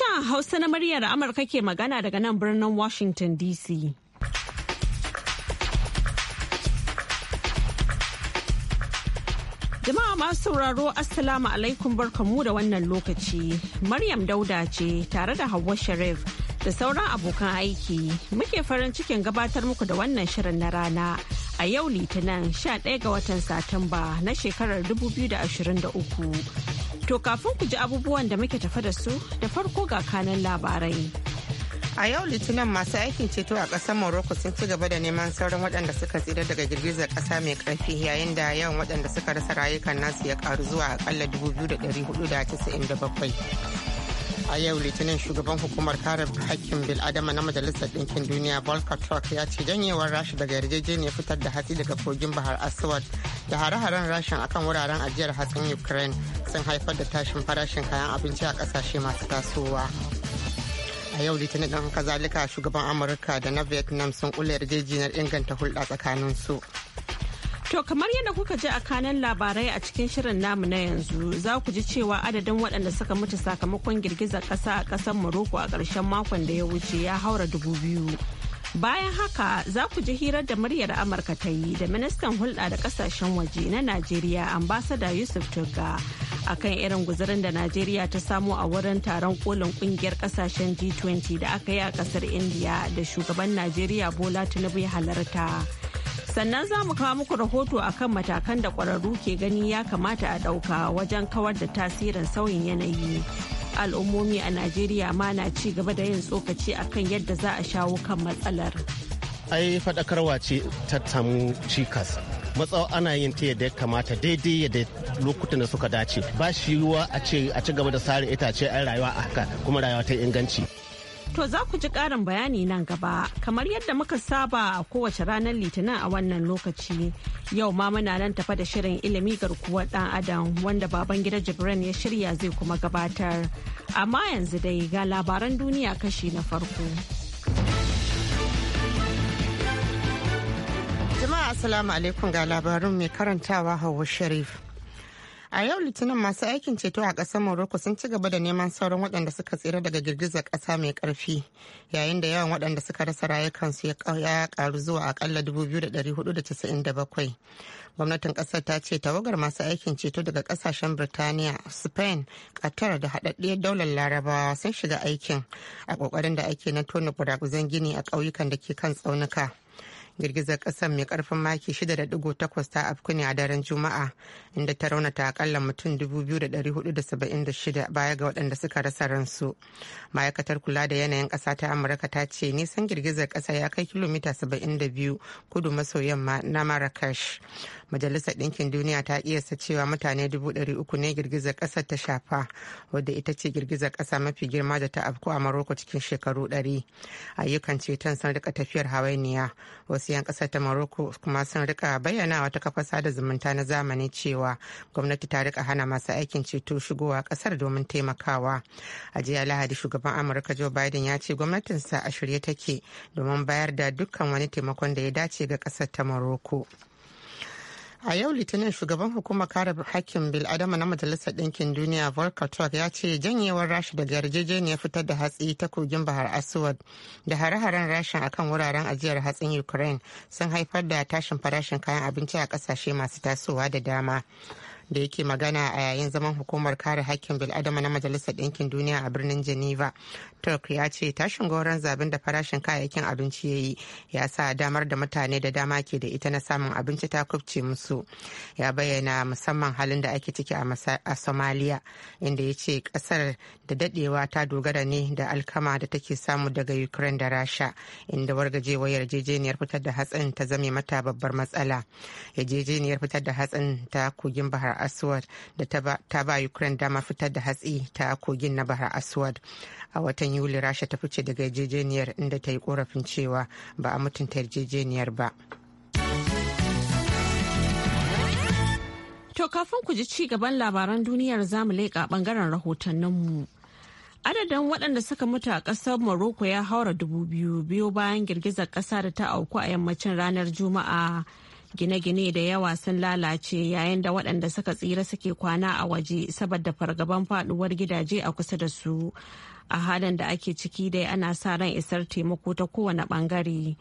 Sashen Hausa na muryar Amurka ke magana daga nan birnin Washington DC. Jama'a masu sauraro Assalamu alaikum barkamu da wannan lokaci. Maryam Dauda ce tare da Hauwa Sharif da sauran abokan aiki muke farin cikin gabatar muku da wannan shirin na rana a yau litinin 11 ga watan Satumba na shekarar 2023. To kafin ku ji abubuwan da muke tafa da su da farko ga kanan labarai. A yau litinin masu aikin ceto a ƙasar Morocco sun ci gaba da neman sauran waɗanda suka tsira daga girgizar ƙasa mai ƙarfi yayin da yawan waɗanda suka rasa rayukan nasu ya ƙaru zuwa aƙalla bakwai. a yau litinin shugaban hukumar kare hakkin bil'adama na majalisar ɗinkin duniya volker turk ya ce janyewar rasha daga yarjejeniyar fitar da hatsi daga kogin bahar aswad da hare-haren rashin akan wuraren ajiyar hatsin ukraine sun haifar da tashin farashin kayan abinci a kasashe masu tasowa a yau litinin ɗan kazalika shugaban amurka da na vietnam sun kula yarjejeniyar inganta hulɗa tsakanin su To kamar yadda kuka ji a kanan labarai a cikin shirin namu na yanzu za ku ji cewa adadin waɗanda suka mutu sakamakon girgizar ƙasa a ƙasar Morocco a ƙarshen makon da ya wuce ya haura dubu biyu. Bayan haka za ku ji hirar da muryar Amurka ta yi da ministan hulɗa da ƙasashen waje na Najeriya ambasada Yusuf Tugga akan irin guzarin da najeriya ta samu a wurin taron kolin kungiyar kasashen g20 da aka yi a kasar india da shugaban najeriya bola tinubu ya halarta sannan za mu kawo muku rahoto akan matakan da kwararru ke gani ya kamata a ɗauka wajen kawar da tasirin sauyin yanayi al'ummomi a najeriya ma na ci gaba da yin tsokaci akan yadda za a shawo kan matsalar ai faɗakarwa ce ta tamu cikas matsawa ana yin ta yadda ya kamata daidai yadda lokutan da suka dace ba shi yiwuwa a ce a ci gaba da sare itace a rayuwa a haka kuma rayuwa ta inganci To za ku ji karin bayani nan gaba, kamar yadda muka saba a kowace ranar litinin a wannan lokaci. Yau ma muna nan tafa da shirin ilimi garkuwar dan adam wanda baban gida Jibran ya shirya zai kuma gabatar. Amma yanzu dai ga labaran duniya kashi na farko. assalamu alaikum ga labarin mai karantawa hawa sharif a yau litinin masu aikin ceto a ƙasar morocco sun ci gaba da neman sauran waɗanda suka tsira daga girgizar ƙasa mai ƙarfi yayin da yawan waɗanda suka rasa rayukansu ya ƙaru zuwa akalla 2,497 gwamnatin ƙasar ta ce tawagar masu aikin ceto daga ƙasashen birtaniya spain qatar da haɗaɗɗiyar daular larabawa sun shiga aikin a ƙoƙarin da ake na tona gini a ƙauyukan da ke kan tsaunuka girgizar kasar mai karfin maki 6.8 ta afku ne a daren juma'a inda ta raunata akalla mutum 2,476 baya ga waɗanda suka rasa ransu ma'aikatar kula da yanayin ƙasa ta amurka ta ce nisan girgizar ƙasa ya kai kilomita 72 kudu maso yamma na marrakesh majalisar ɗinkin duniya ta kiyasta cewa mutane 300 ne girgizar ƙasar ta shafa wadda ita ce girgizar ƙasa mafi girma da ta afku a maroko cikin shekaru 100 ayyukan ceton sun rika tafiyar hawainiya wasu yan kasar ta morocco kuma sun rika bayyana wata kafar sada zumunta na zamani cewa gwamnati ta rika hana masu aikin ceto shigowa kasar domin taimakawa a jiya lahadi shugaban amurka joe biden ya ce gwamnatinsa a shirye take domin bayar da dukkan wani taimakon da ya dace ga kasar ta morocco a yau litinin shugaban hukumar kare hakkin bil'adama na majalisar ɗinkin duniya volker ya ce janyewar rasha daga yarjejeniyar fitar da hatsi ta kogin bahar aswad da hare-haren rashin akan wuraren ajiyar hatsin ukraine sun haifar da tashin farashin kayan abinci a ƙasashe masu tasowa da dama da yake magana a yayin zaman hukumar kare hakkin bil'adama na majalisar ɗinkin duniya a birnin geneva turk ya ce tashin goron zabin da farashin kayayyakin abinci ya yi ya sa damar da mutane da dama ke da ita na samun abinci ta kubce musu ya bayyana musamman halin da ake ciki a somalia inda ya ce ƙasar da daɗewa ta dogara ne da alkama da take samu daga ukraine da rasha inda wargajewar yarjejeniyar fitar da hatsin ta zame mata babbar matsala yarjejeniyar fitar da hatsin ta kogin bahar aswad da ta ba ukraine dama fitar da hatsi ta kogin na bahar aswad a watan yuli rasha ta fice daga yarjejeniyar inda ta yi korafin cewa ba a mutunta yarjejeniyar ba To kafin ku ji ci gaban labaran duniyar zamu leƙa bangaren rahotanninmu. Adadin waɗanda suka mutu a ƙasar Morocco ya haura dubu biyu biyu bayan girgizar ƙasa da ta auku a yammacin ranar Juma'a Gine-gine da yawa sun lalace yayin da waɗanda suka tsira suke kwana a waje saboda fargaban faduwar gidaje a kusa da su. A halin da ake ciki dai ana sa ran isar taimako ta kowane bangare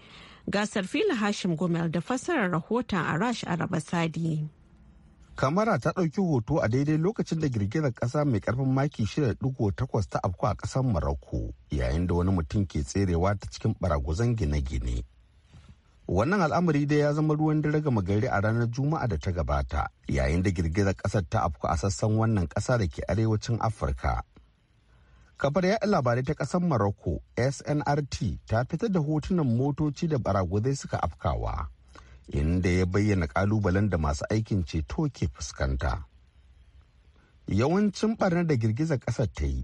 Gasar fila Hashim Gumel da fassarar rahoton a rash Araba Sadi. kamara ta ɗauki hoto a daidai lokacin da girgizar ƙasa mai ƙarfin maki 6.8 ta afku a ƙasar maroko yayin da wani mutum ke tserewa ta cikin baragwazon gine-gine wannan al'amari dai ya zama ruwan dare gama gari a ranar juma'a da ta gabata yayin da girgizar kasar ta afku a sassan wannan kasa da ke arewacin afirka kafar yaɗa labarai ta ƙasar Morocco SNRT ta fitar da hotunan motoci da baragwazai suka afkawa inda ya bayyana kalubalen da masu aikin ceto ke fuskanta. Yawancin barnar da girgizar ƙasar ta yi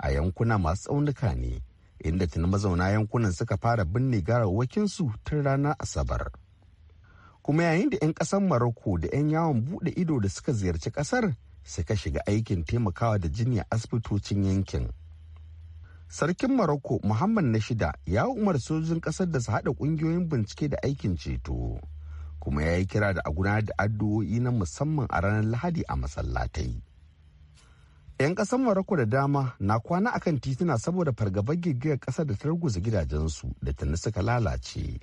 a yankuna masu tsaunuka ne inda tuni mazauna yankunan suka fara binne garawakinsu tun ranar asabar kuma yayin da 'yan ƙasar maroko da 'yan yawon buɗe ido da suka ziyarci ƙasar suka shiga aikin taimakawa da jini asibitocin yankin sarkin maroko muhammad na shida ya umar sojin ƙasar da su haɗa ƙungiyoyin bincike da aikin ceto kuma ya yi kira da a gudanar da addu'o'i na musamman a ranar lahadi a masallatai 'yan ƙasar morocco da dama na kwana akan tituna saboda fargabar girgiyar kasa da ta ruguza gidajensu da tuni suka lalace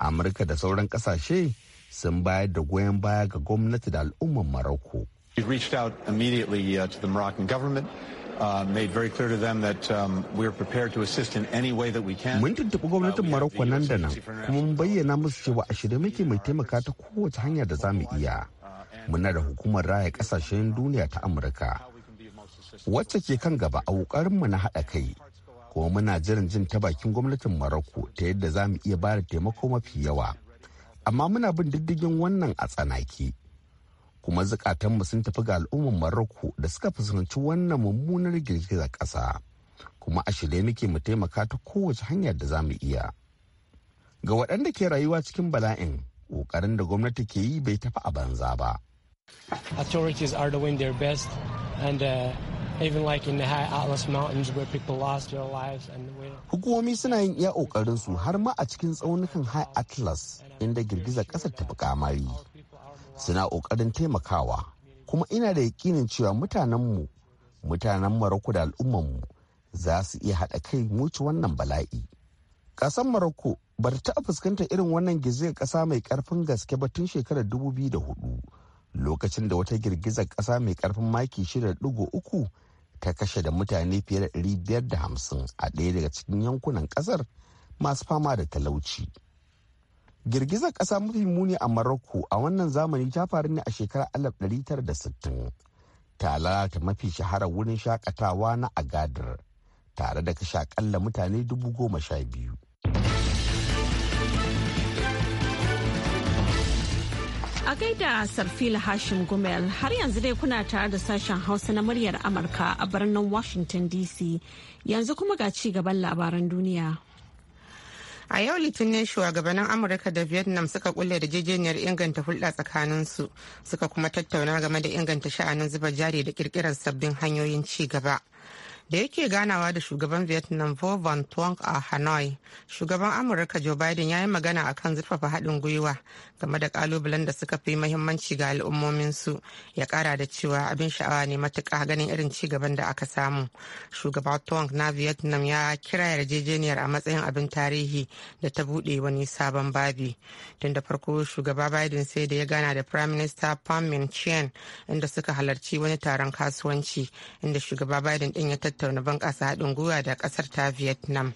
amurka da sauran kasashe sun bayar da goyon baya ga gwamnati da al'umman morocco. We reached out immediately uh, to the Moroccan government, uh, made very clear to them that um, we are prepared to assist in any way that we can. Mun tuntuɓi gwamnatin uh, Morocco nan da nan, kuma mun bayyana musu cewa a shirye muke mai taimaka ta kowace hanya da za mu iya. Uh, Muna da hukumar raya kasashen duniya ta Amurka, wacce ke kan gaba a mu na haɗa kai kuma muna jiran jin ta bakin gwamnatin maroko ta yadda za mu iya ba da taimako mafi yawa amma muna bin diddigin wannan a tsanaki kuma zukatanmu sun tafi ga al'umman maroko da suka fuskanci wannan mummunar girgizar ƙasa kuma a shirye muke mu taimaka ta kowace hanyar da za mu iya ga waɗanda ke rayuwa cikin bala'in ƙoƙarin da gwamnati ke yi bai tafi a banza ba authorities are doing their best and uh, Hukumomi suna yin iya ƙoƙarin su har ma a cikin tsaunukan High Atlas inda girgizar ƙasar ta fi kamari. Suna ƙoƙarin taimakawa kuma ina da yakinin cewa mutanenmu, mutanen Maroko da al'ummanmu za su iya haɗa kai muci wannan bala'i. Ƙasar Maroko ba ta taɓa fuskantar irin wannan girgizar ƙasa mai ƙarfin gaske ba tun shekarar 2004 lokacin da wata girgizar ƙasa mai ƙarfin maki 6.3 ta kashe da mutane fiye da biyar da hamsin a ɗaya daga cikin yankunan ƙasar masu fama da talauci. Girgizar ƙasa mafi muni a Maroko a wannan zamani ta faru ne a shekarar 1960. Ta lalata mafi shahara wurin shakatawa na Agadir tare da kashe akalla mutane dubu goma sha biyu. A gaida Sarfila Hashim Gumel har yanzu dai kuna tare da sashen Hausa na muryar Amurka a birnin Washington DC yanzu kuma ga ci gaban labaran duniya. A yau litinin shugabannin Amurka da Vietnam suka kulle da jejeniyar inganta hulɗa tsakaninsu suka kuma tattauna game da inganta sha'anin zuba jari da kirkirar sabbin hanyoyin ci gaba. da yake ganawa da shugaban vietnam vo van tuong a hanoi shugaban amurka joe biden ya yi magana a kan zurfafa haɗin gwiwa game da kalubalen da suka fi mahimmanci ga al'ummominsu ya ƙara da cewa abin sha'awa ne matuƙa ganin irin ci gaban da aka samu shugaban tuong na vietnam ya kira yarjejeniyar a matsayin abin tarihi da ta buɗe wani sabon babi tun da farko shugaba biden sai da ya gana da prime minister pam min chien inda suka halarci wani taron kasuwanci inda shugaba biden din ya tatta. tattauna bunƙasa haɗin gwiwa da ƙasar ta vietnam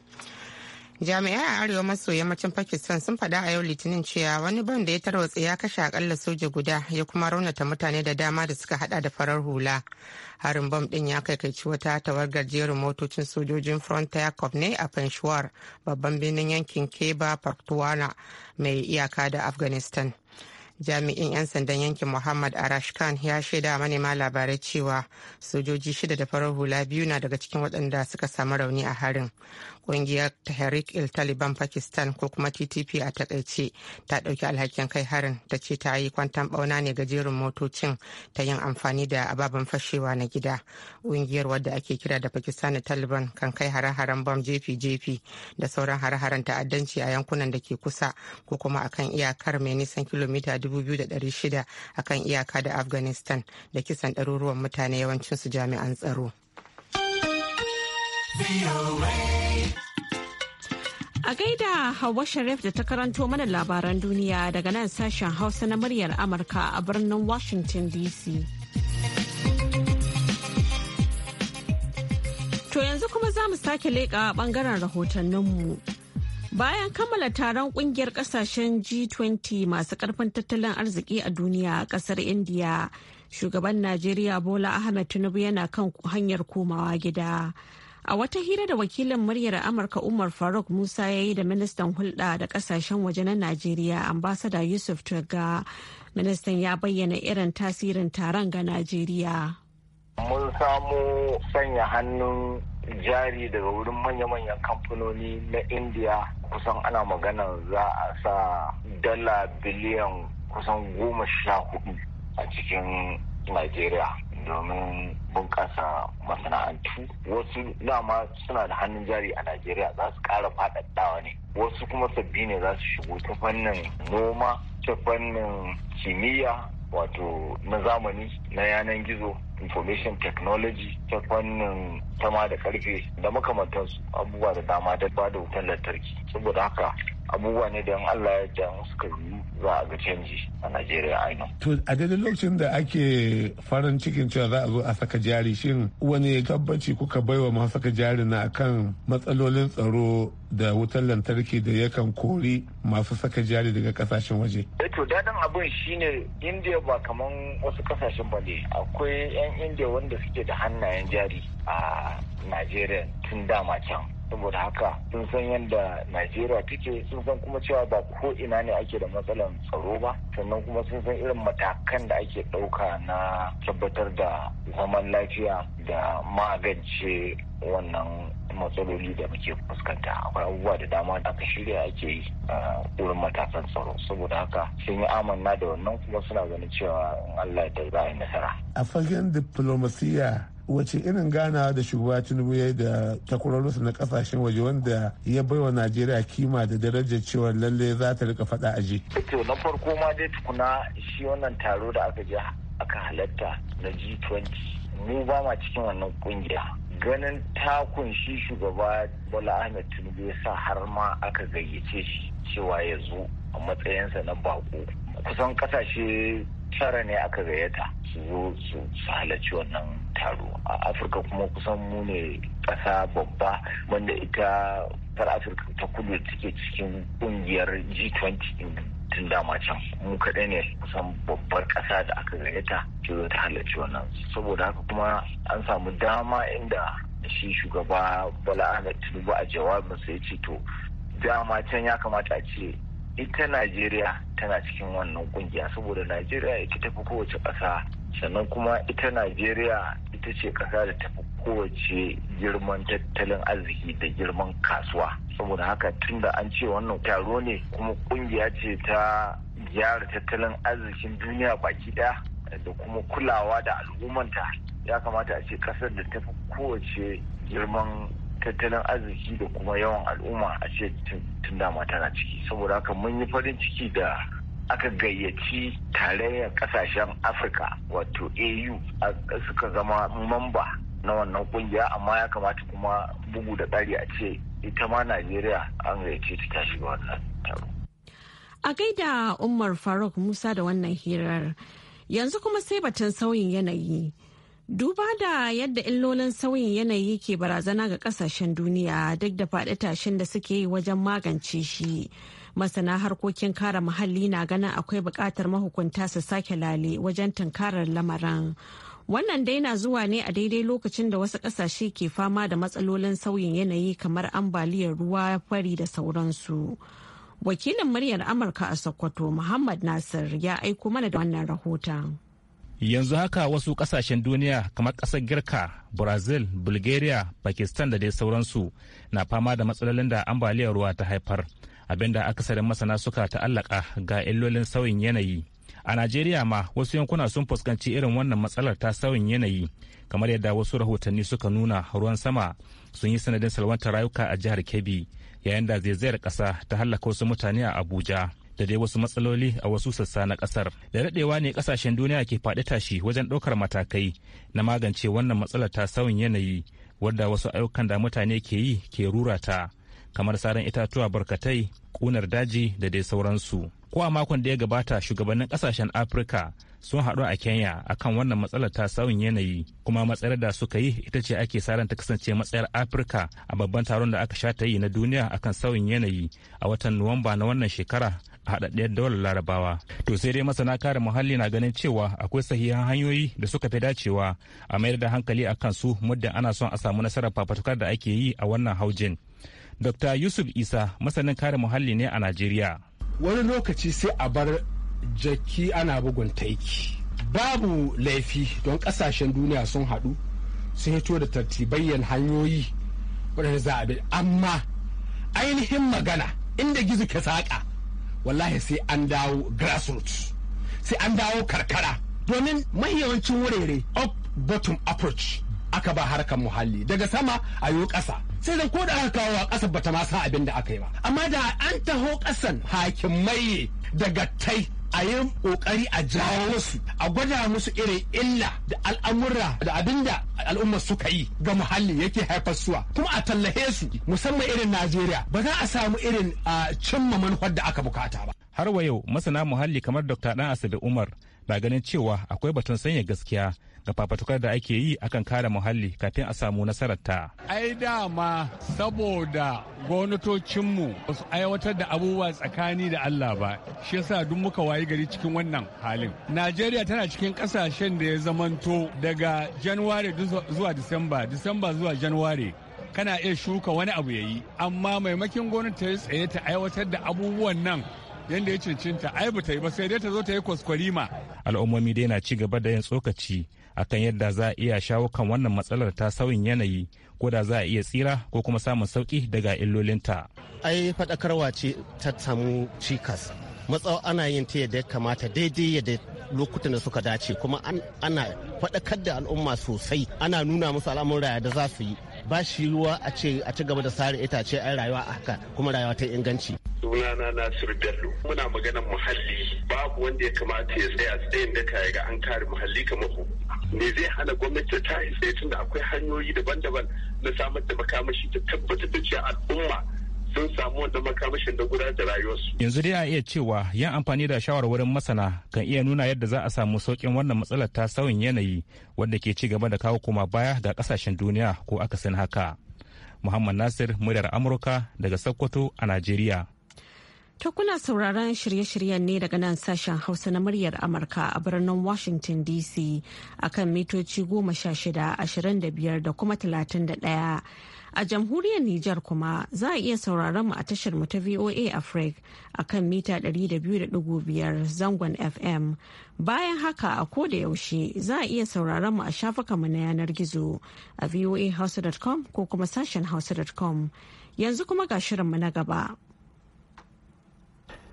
jami'ai a arewa maso yammacin pakistan sun faɗa a yau litinin cewa wani bam da ya tarwatsa ya kashe akalla soja guda ya kuma raunata mutane da dama da suka hada da farar hula harin bam din ya kaikaici wata tawagar jerin motocin sojojin frontier cop ne a penshwar babban birnin yankin keba paktuwana mai iyaka da afghanistan jami'in 'yan sandan yankin muhammad arash ya shaida manema labarai cewa sojoji shida da farar hula biyu na daga cikin waɗanda suka samu rauni a harin kungiyar tahrik il taliban pakistan ko kuma ttp a takaice ta dauki alhakin kai harin ta ce ta yi kwantan bauna ne ga motocin ta yin amfani da ababen fashewa na gida kungiyar wadda ake kira da pakistan taliban kan kai hare-haren bom jefi-jefi da sauran hare-haren ta'addanci a yankunan da ke kusa ko kuma akan iyakar mai nisan kilomita 2,600 akan iyaka da afghanistan da kisan ɗaruruwan mutane yawancinsu jami'an tsaro. A gaida Hauwa Sharif da ta karanto mana labaran duniya daga nan sashen Hausa na muryar Amurka a birnin Washington DC. To yanzu kuma za mu sake leƙa ɓangaren rahotanninmu. Bayan kammala taron ƙungiyar ƙasashen G20 masu ƙarfin tattalin arziki a duniya a kasar India, shugaban Najeriya Bola Ahmed Tinubu yana kan hanyar komawa gida. A wata hira da wakilin muryar Amurka Umar Faruk Musa ya yi da ministan hulɗa da ƙasashen waje na Najeriya ambasada Yusuf Tuga, ministan ya bayyana irin tasirin taron ga Najeriya. Mun samu sanya hannun jari daga wurin manya-manyan kamfanoni na Indiya, kusan ana magana za a sa dala biliyan kusan goma sha hudu a cikin Najeriya. domin bunƙasa masana'antu wasu dama suna da hannun jari a najeriya za su ƙara faɗaɗawa ne wasu kuma sabbi ne za su shigo ta fannin noma ta fannin kimiyya wato na zamani na yanan gizo information technology ta fannin tama da karfe da makamantansu abubuwa da dama da ba da wutan lantarki saboda haka abubuwa ne da Allah ya jan suka yi za a ga canji a Najeriya ainihin. To a daidai lokacin da ake farin cikin cewa za a zo a saka jari shin wani tabbaci kuka baiwa masu saka jari na kan matsalolin tsaro da wutan lantarki da yakan kori masu saka jari daga kasashen waje. Eh, to dadin abin shine India ba kaman wasu kasashen ba ne akwai 'yan india wanda suke da hannayen jari a najeriya tun dama can saboda haka sun san yadda najeriya take sun san kuma cewa ba ko ina ne ake da matsalar tsaro ba sannan kuma sun san irin matakan da ake ɗauka na tabbatar da zaman lafiya da magance wannan matsaloli da muke fuskanta akwai abubuwa da dama da aka shirya ake yi a wurin matakan tsaro saboda haka sun yi amanna da wannan kuma suna ganin cewa in Allah ya za a yi nasara. A fagen diplomasiya wace irin ganawa da shugaba tinubu ya da takwarorinsa na kasashen waje wanda ya wa najeriya kima da darajar cewa lalle za ta rika faɗa aji. Eh to na farko ma dai tukuna shi wannan taro da aka je aka halatta na g20 mu ba ma cikin wannan kungiya ganin takun shi shugaba Bala ahmed tinubu ya sa har ma aka gayyace shi cewa ya zo a matsayinsa na bako kusan kasashe tara ne aka gayyata su zo su halarci wannan taro a afirka kuma kusan mu ne ƙasa babba wanda ita far afirka ta kudu take cikin kungiyar g20 tun dama can mu kaɗai ne kusan babbar ƙasa da aka gayyata ta zo ta halarci wannan saboda haka kuma an samu dama inda shi shugaba bala ahmed tinubu a jawabin ya ce to dama can ya kamata a ce ita najeriya tana cikin wannan kungiya saboda najeriya ita tafi kowace ƙasa sannan kuma ita najeriya ita ce ƙasa da tafi kowace girman tattalin arziki da girman kasuwa saboda haka tun da an ce wannan taro ne kuma kungiya ce ta gyara tattalin arzikin duniya baki daya da kuma kulawa da al'ummanta ya kamata a ce kasar da ta fi kowace girman tattalin arziki da kuma yawan al'umma a ce tun dama tana ciki saboda haka mun yi farin ciki da aka gayyaci tarayyar kasashen afirka wato au suka zama mamba na wannan kungiya amma ya kamata kuma bugu da tsari a ce ita ma najeriya an gayyace ta ta shiga wannan a gaida umar faruk musa da wannan hirar yanzu kuma sai batun sauyin yanayi duba da yadda illolin sauyin yanayi ke barazana ga kasashen duniya duk da faɗi tashin da suke yi wajen magance shi masana harkokin kare muhalli na ganin akwai bukatar mahukunta su sake lale wajen tunkarar lamarin Wannan dai na zuwa ne a daidai lokacin da wasu ƙasashe ke fama da matsalolin sauyin yanayi kamar ambaliyar ruwa fari da sauransu. Wakilin muryar Amurka a Sokoto Muhammad Nasir ya aiko mana da wannan rahoton. Yanzu haka wasu ƙasashen duniya kamar ƙasar Girka, Brazil, Bulgaria, Pakistan da dai sauransu na fama da matsalolin da ambaliyar ruwa ta haifar. abinda akasarin masana suka ta'allaka ga illolin sauyin yanayi a najeriya ma wasu yankuna sun fuskanci irin wannan matsalar ta sauyin yanayi kamar yadda wasu rahotanni suka nuna ruwan sama sun yi sanadin salwantar rayuka a jihar kebbi yayin da zaizayar kasa ta hallaka wasu mutane a abuja da dai wasu matsaloli a wasu sassa na kasar da daɗewa ne kasashen duniya ke faɗi tashi wajen ɗaukar matakai na magance wannan matsalar ta sauyin yanayi wadda wasu ayyukan da mutane ke yi ke rura ta kamar saran itatuwa barkatai ƙunar daji da dai sauransu ko a makon da ya gabata shugabannin kasashen afirka sun haɗu a kenya akan wannan matsalar ta sauyin yanayi kuma matsayar da suka yi ita ce ake saran ta kasance matsayar afirka a babban taron da aka sha ta yi na duniya akan sauyin yanayi a watan nuwamba na wannan shekara a haɗaɗɗiyar dawar larabawa to sai dai masana kare muhalli na ganin cewa akwai sahihan hanyoyi da suka fi dacewa a mayar da hankali akan su muddin ana son a samu nasarar fafatukar da ake yi a wannan haujin dr yusuf isa masanin kare muhalli ne a najeriya wani lokaci sai a bar jaki ana bugun taiki babu laifi don kasashen duniya sun haɗu sun hito da tartibayyan hanyoyi wadanda za a bi amma ainihin magana inda gizo ke saƙa wallahi sai an dawo grassroots sai an dawo karkara domin mahiyawancin wurere up bottom approach aka ba harkar muhalli daga sama a yi ƙasa sai da ko da aka kawo a ƙasar bata ma sa abin da aka yi ba amma da an taho ƙasan hakimai daga tai a yi kokari a jawo musu a gwada musu irin illa da al'amura da abinda al'umma suka yi ga muhalli yake haifar suwa kuma a tallahe su musamman irin najeriya ba za a samu irin a cimma manufar da aka bukata ba har wa yau masana muhalli kamar dr dan asabe umar na ganin cewa akwai batun sanya gaskiya ga fafatukar da ake yi akan kare muhalli kafin a samu nasarar ta. Ai dama saboda gwamnatocinmu ba su aiwatar da abubuwa tsakani da Allah ba, shi yasa duk muka wayi gari cikin wannan halin. Najeriya tana cikin kasashen da ya zamanto daga Januwari zuwa Disamba, Disamba zuwa Januwari kana iya shuka wani abu ya yi, amma maimakin gwamnati ta yi tsaye ta aiwatar da abubuwan nan yadda ya cincinta ai ba ta yi ba sai dai ta zo ta yi kwaskwarima. al'ummomi dai na ci gaba da yin tsokaci akan yadda za a iya shawo kan wannan matsalar ta sauyin yanayi ko da za a iya tsira ko kuma samun sauki daga illolinta. ai faɗakarwa ce ta samu cikas matsawa ana yin ta yadda ya kamata daidai yadda lokutan da suka dace kuma ana faɗakar da al'umma sosai ana nuna musu al'amurraya da za su yi ba shi ruwa a ce a ci gaba da sare itace ai rayuwa a haka kuma rayuwa ta inganci sunana Nasir Bello muna maganar muhalli babu wanda ya kamata ya tsaya tsayin da ka ga an kare muhalli kamar ku me zai hana gwamnati ta tsaye tunda akwai hanyoyi daban-daban na samar da makamashi ta tabbatar da cewa al'umma sun samu wanda makamashin da gudanar da rayuwarsu. Yanzu dai a iya cewa yin amfani da shawarwarin masana kan iya nuna yadda za a samu saukin wannan matsalar ta sauyin yanayi wanda ke ci gaba da kawo koma baya ga kasashen duniya ko akasin haka. Muhammad Nasir muryar Amurka daga Sokoto a Najeriya. takuna kuna sauraron shirye-shiryen ne daga nan sashen Hausa na muryar Amurka a birnin Washington DC akan mitoci goma sha shida ashirin da biyar da kuma talatin da ɗaya. A jamhuriyar Nijar kuma za a iya sauraron mu a tashar mu ta VOA Africa a kan mita 200.5 zangon FM. Bayan haka a ko da yaushe za a iya sauraron mu a mu na yanar gizo a voahausa.com ko kuma sashen hausa.com. Yanzu kuma ga shirin mu na gaba.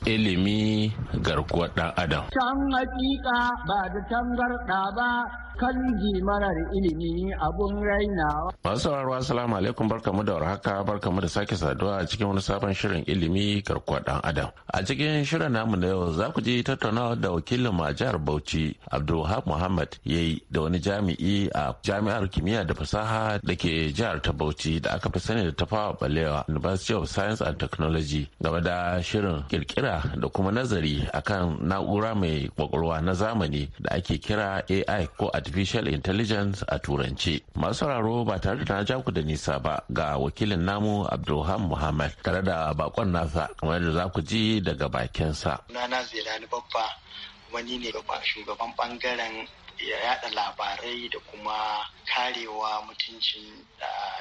ilimi garkuwar ɗan adam. Can hakika ba da tangarɗa ba kan marar ilimi abun rainawa. Masu sauraro assalamu alaikum barkamu da warhaka barkamu da sake saduwa a cikin wani sabon shirin ilimi garkuwar ɗan adam. A cikin shirin namu na yau za ku ji tattaunawa da wakilin a jihar Bauchi Abdulhab Muhammad ya yi da wani jami'i a jami'ar kimiyya da fasaha da ke jihar ta Bauchi da aka fi sani da tafawa balewa University of Science and Technology game da shirin kirkira basira da kuma nazari akan na'ura mai kwakwalwa na zamani da ake kira ai ko artificial intelligence a turanci masu sauraro ba tare da na ku da nisa ba ga wakilin namu abdulham muhammad tare da bakon nasa kamar da za ku ji daga bakin sunana wani ne shugaban bangaren ya yada labarai da kuma karewa mutuncin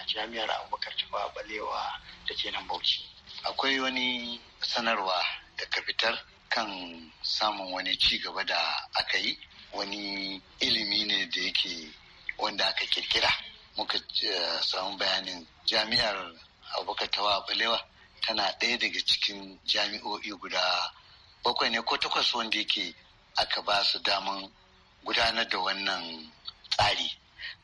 jami'ar abubakar balewa da ke nan bauchi akwai wani sanarwa da ka fitar kan samun wani ci gaba da aka yi wani ilimi ne da yake wanda aka kirkira muka eh, samu bayanin jami'ar abubakar tawa balewa tana ɗaya daga cikin jami'o'i guda bakwai ne ko takwas wanda yake aka ba su daman gudanar da wannan tsari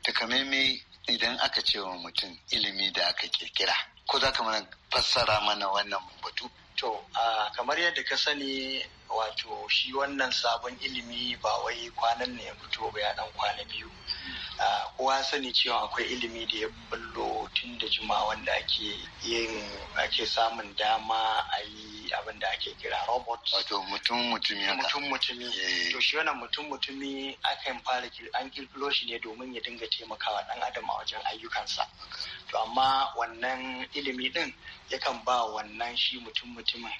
takamaimai idan aka ce wa mutum ilimi da aka kirkira ko za ka mana fassara mana wannan batu To, kamar yadda ka sani wato shi wannan sabon ilimi ba wai kwanan ne ya fito ba ya dan kwana biyu kowa sani cewa akwai ilimi da ya bullo tun da juma wanda ake yin ake samun dama a yi abin da ake kira robot wato mutum mutumi mutum mutumi eh. to shi wannan mutum mutumi aka yin fara an kirkiro shi ne domin ya dinga taimakawa dan adam a wajen ayyukansa to amma wannan ilimi din yakan ba wannan shi mutum mutumin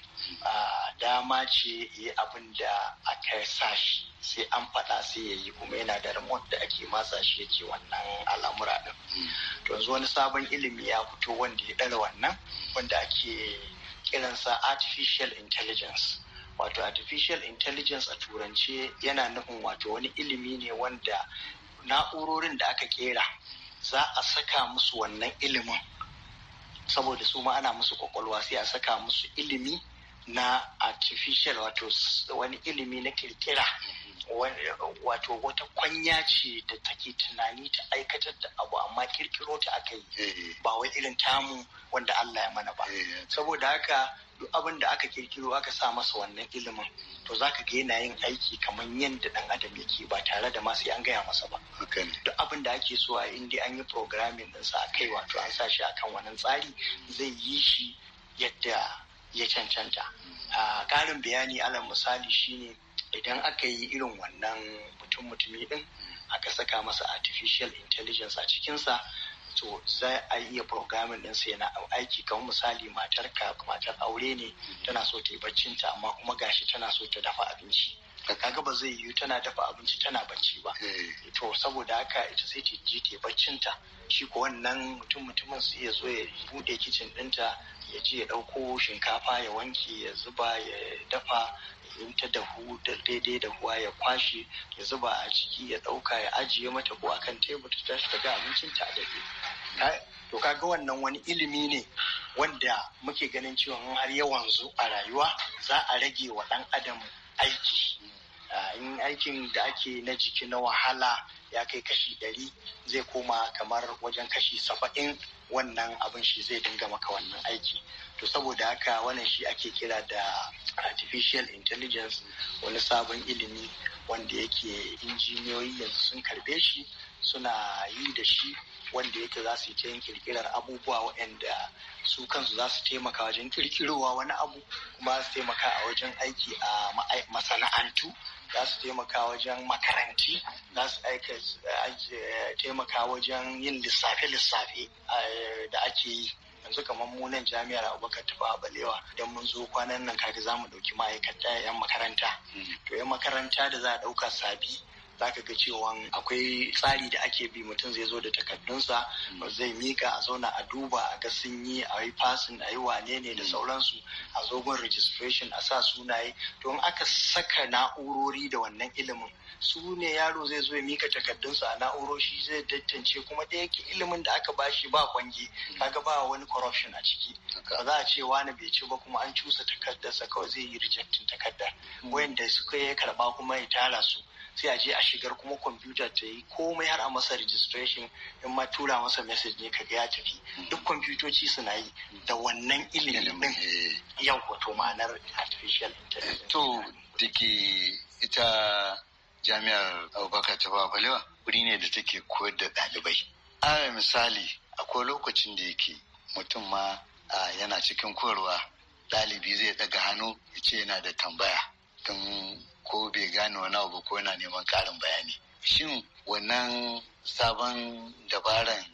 dama ce yi abin da aka sa shi sai an faɗa sai ya yi kuma yana da remote da ake matsa shi yake wannan al'amura ɗin to yanzu wani sabon ilimi ya fito wanda ya ɗara wannan wanda ake kiransa artificial intelligence wato artificial intelligence a turance yana nufin wato wani ilimi ne wanda na'urorin da aka kera za a saka musu wannan ilimin saboda su ma ana musu kwakwalwa sai a saka musu ilimi na artificial wato wani ilimi na kirkira wato wata kwanya ce da take tunani ta aikatar da abu amma kirkiro ta aka yi eh. ba wai irin tamu wanda Allah ya mana ba eh, saboda haka duk abin da aka kirkiro aka sa masa wannan ilimin to za ka ga yana yin aiki kamar yadda dan adam yake ba tare da masu an gaya masa ba duk abin da ake so a inda an yi programming ɗinsa a kai wato an sa shi akan wannan tsari zai yi shi yadda ya cancanta hmm. a ah, ƙarin bayani alal misali shine idan aka yi irin wannan mutum mutumi din hmm. aka saka masa artificial intelligence a cikinsa to za a iya programming din sai na aiki kamar misali matar ka matar aure ne hmm. tana so ta yi ta amma kuma gashi tana so ta dafa abinci kaga ba zai yiwu tana dafa abinci tana bacci ba eh. to saboda haka ita sai ta je ta baccinta shi ko wannan mutum mutumin sai ya zo ya bude kicin dinta ya je ya ɗauko shinkafa ya wanke ya zuba ya dafa in ta dahu daidai da huwa ya kwashe ya zuba a ciki ya ɗauka ya ajiye mata ko akan tebur ta tashi ta ga abincin ta daɗe to kaga wannan wani ilimi ne wanda muke ganin cewa har yawan a rayuwa za a rage wa ɗan adam aiki Ah, in aikin da ake na jiki na wahala ya kai kashi ɗari zai koma kamar wajen kashi saba'in wannan abin shi zai dinga maka wannan aiki to saboda haka wannan shi ake kira da artificial intelligence wani sabon ilimi wanda yake injiniyoyi yanzu sun karbe shi suna yi da shi wanda yake za su yi kirkirar abubuwa waɗanda su kansu za su taimaka wajen kirkirowa wani abu kuma za su taimaka a wajen aiki a masana'antu za su taimaka wajen makaranti za su taimaka wajen yin lissafe-lissafe eh, da ake yi yanzu kamar munan jami'ar abubakar tufa balewa idan mun zo kwanan nan kaga za mu ɗauki ma'aikata 'yan makaranta mm. to 'yan makaranta da za a ɗauka sabi Za ka ga cewa akwai tsari da ake bi mutum zai zo da takardunsa hmm. zai mika a zauna a duba a ga sun yi a yi fasin a yi wane ne da hmm. sauransu a zo gun registration a sa sunaye to aka saka na'urori da wannan ilimin su ne yaro zai zo ya mika takardunsa a na'uroshi shi zai tantance kuma da yake ilimin da aka bashi ba kwangi hmm. kaga ba wani corruption a ciki ba za a ce wani bai ci ba kuma an cusa takardarsa kawai zai yi rejectin takardar wanda suka yi karba kuma ya tara su sai a je a shigar kuma kwamfuta ta yi komai har a masa registration in ma tura masa message ne kaga ya tafi duk kwamfutoci suna yi da wannan ilimin eh. yau wato ma'anar artificial intelligence to dake ita jami'ar abubakar ta ba balewa wuri ne da take koyar da ɗalibai a misali akwai lokacin da yake mutum ma yana cikin koyarwa ɗalibi zai ɗaga hannu ya ce yana da tambaya don ko bai gane wani abu ko yana neman karin bayani shin wannan sabon dabaran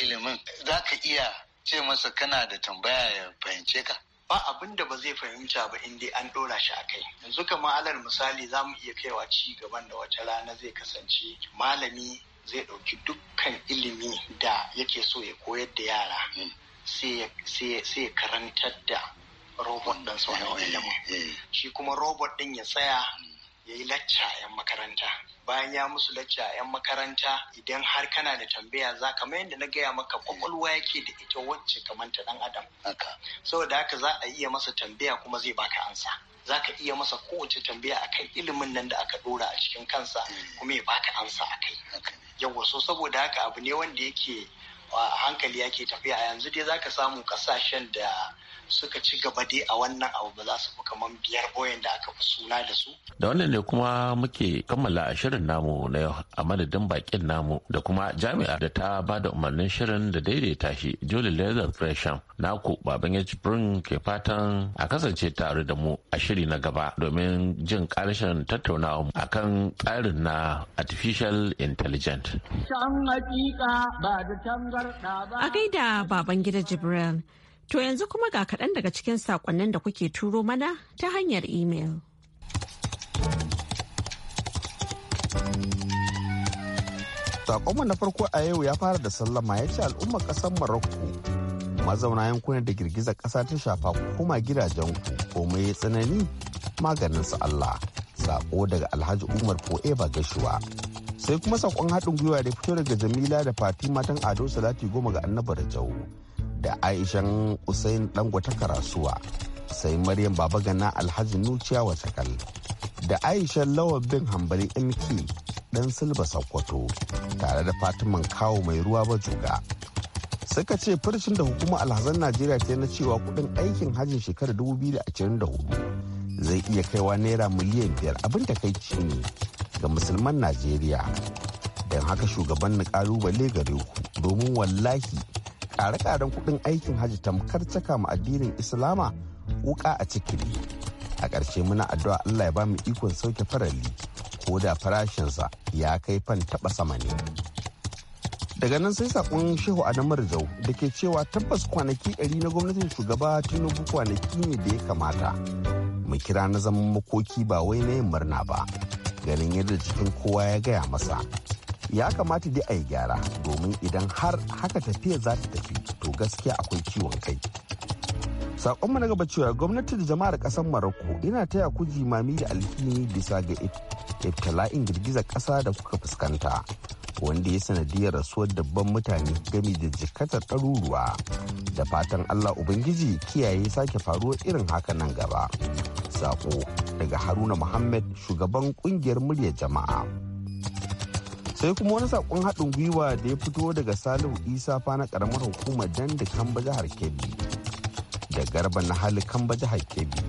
ilimin za ka iya ce masa kana da tambaya ya fahimce ka ba abin da ba zai fahimta ba in dai an ɗora shi a kai yanzu kamar alal misali za mu iya kaiwa ci gaban da wata rana zai kasance malami zai ɗauki dukkan ilimi da yake so ya koyar da yara hmm. sai ya karantar da robot ɗin su eh, wani eh, eh. shi kuma robot ɗin ya tsaya ya yi lacca a 'yan makaranta bayan ya musu lacca a 'yan makaranta idan har kana da tambaya za kamar yadda na gaya maka kwakwalwa yake da ita wacce kamar ta dan adam saboda haka za a iya masa tambaya kuma zai baka ansa za ka iya masa kowace tambaya a kan ilimin nan da aka ɗora a cikin kansa kuma ya baka ansa akai yawa so saboda haka abu ne wanda yake a hankali yake tafiya a yanzu dai za ka samu kasashen da suka ci gaba dai a wannan abu ba za su fi kamar biyar boyan da aka fi suna da su. Da wannan ne kuma muke kammala shirin namu na yau a madadin bakin namu da kuma jami'a da ta ba da umarnin shirin da daidaita shi Joli Leather Gresham naku baban burin ke fatan a kasance tare da mu a shiri na gaba domin jin karshen tattaunawa a kan tsarin na artificial Intelligent. da baban gida Jibril. To yanzu kuma ga kaɗan daga cikin saƙonnin da kuke turo mana ta hanyar imel. saƙonmu na farko a yau ya fara da sallama ya ce al'ummar ƙasar Marokko mazauna yankunan da girgizar ƙasa ta shafa kuma gidajen komai ya tsanani maganin su Allah. Sako daga Alhaji Umar Fo'eba Gashuwa. Sai kuma saƙon haɗin gwiwa da fito daga Jamila da Fatima matan Ado Salati goma ga annabar jau. da aishan usain dangote karasuwa sai maryam Baba babagana alhaji nuciya watakal da aishan Lawan bin hambali mk dan silba sokoto tare da fatiman kawo mai ruwa bajuga suka ce farcin da hukumar alhazan najeriya ta na cewa kudin aikin hajjin shekarar 2024 zai iya kaiwa naira miliyan biyar abin da kai ne ga musulman najeriya don haka shugaban na kalubale gare ku domin wallahi kare-karen kudin aikin hajji tamkar caka mu addinin islama wuka a cikin a ƙarshe muna addu'a allah ya ba mu ikon sauke farali ko da farashinsa ya kai fan taɓa sama ne daga nan sai sakon shehu adamu rizau da ke cewa tabbas kwanaki ɗari na gwamnatin shugaba tinubu kwanaki ne da ya kamata mu kira na zaman makoki ba wai na yin murna ba ganin yadda cikin kowa ya gaya masa ya kamata dai a yi gyara domin idan har haka tafiya za ta tafi to gaskiya akwai ciwon kai saƙonmu na gaba cewa gwamnati da jama'ar ƙasar maroko ina taya ku jimami da alfini bisa ga ibtila'in girgizar ƙasa da kuka fuskanta wanda ya sanadiyar rasuwar dabban mutane gami da jikatar ɗaruruwa da fatan allah ubangiji kiyaye sake faruwar irin haka nan gaba saƙo daga haruna muhammad shugaban ƙungiyar muryar jama'a sai kuma wani sakon haɗin gwiwa da ya fito daga salihu isa fa na karamar hukumar danda kamba jihar kebbi da garba na hali kamba jihar kebbi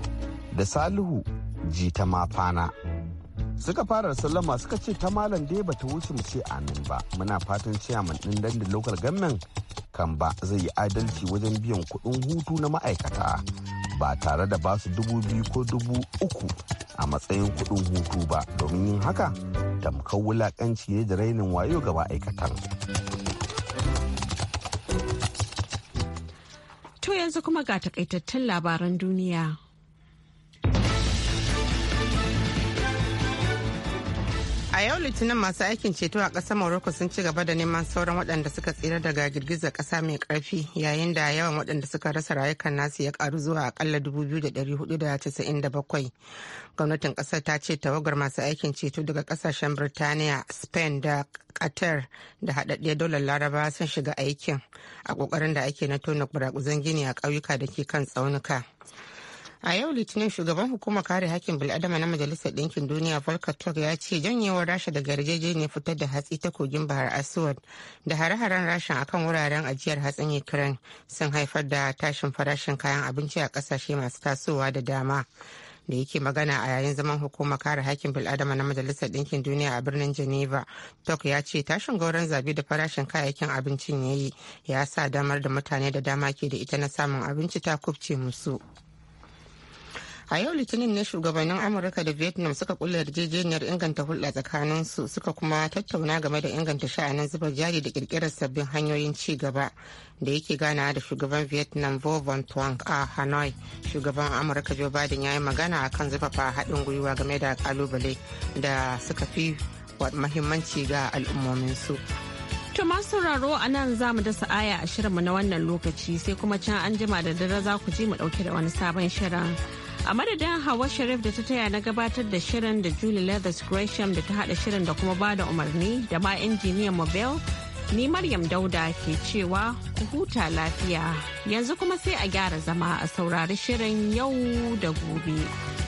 da salihu jita ma fana suka fara sallama suka ce ta malam dai bata wuce mu ce amin ba muna fatan ciyaman ɗin dandin lokal government kan ba zai yi adalci wajen biyan kuɗin hutu na ma'aikata ba tare da basu dubu biyu ko dubu uku a matsayin kuɗin hutu ba domin yin haka tamkar wulakanci ne da rainin wayo ga ma'aikatan. To yanzu kuma ga takaitattun labaran duniya. a yau litinin masu aikin ceto a ƙasar morocco sun ci gaba da neman sauran waɗanda suka tsira daga girgizar ƙasa mai karfi yayin da yawan waɗanda suka rasa rayukan nasu ya karu zuwa akalla 2,497 gwamnatin ƙasar ta ce tawagar masu aikin ceto daga ƙasashen birtaniya spain da qatar da haɗaɗɗiyar dolar laraba sun shiga aikin a ƙoƙarin da ake na tona gini a ƙauyuka da ke kan tsaunuka a yau litinin shugaban hukumar kare hakkin bil'adama na majalisar ɗinkin duniya volker turk ya ce janyewar rasha da daga ne fitar da hatsi ta kogin bahar aswad da hare-haren rasha akan wuraren ajiyar hatsin ukraine sun haifar da tashin farashin kayan abinci a ƙasashe masu tasowa da dama da yake magana a yayin zaman hukumar kare hakkin bil'adama na majalisar ɗinkin duniya a birnin geneva tok ya ce tashin gauran zabi da farashin kayayyakin abincin ya yi ya sa damar da mutane da dama ke da ita na samun abinci ta kubce musu a yau litinin ne shugabannin amurka da vietnam suka kulle yarjejeniyar inganta hulɗa tsakanin su suka kuma tattauna game da inganta sha'anin zuba jari da kirkirar sabbin hanyoyin ci gaba da yake ganawa da shugaban vietnam vo von tuang a hanoi shugaban amurka joe biden ya yi magana a akan zufafa haɗin gwiwa game da kalubale da suka fi mahimmanci ga al'ummominsu. To masu sauraro a nan za mu dasa aya a shirinmu na wannan lokaci sai kuma can an jima da dare za ku ji mu ɗauke da wani sabon shirin. A madadin Hawa Sharif da ta taya na gabatar da shirin da Julie Leathers Gresham da ta haɗa shirin da kuma ba da umarni da ma injiniyan Mobile, ni Maryam Dauda ke cewa ku huta lafiya. Yanzu kuma sai a gyara zama a saurari shirin yau da gobe.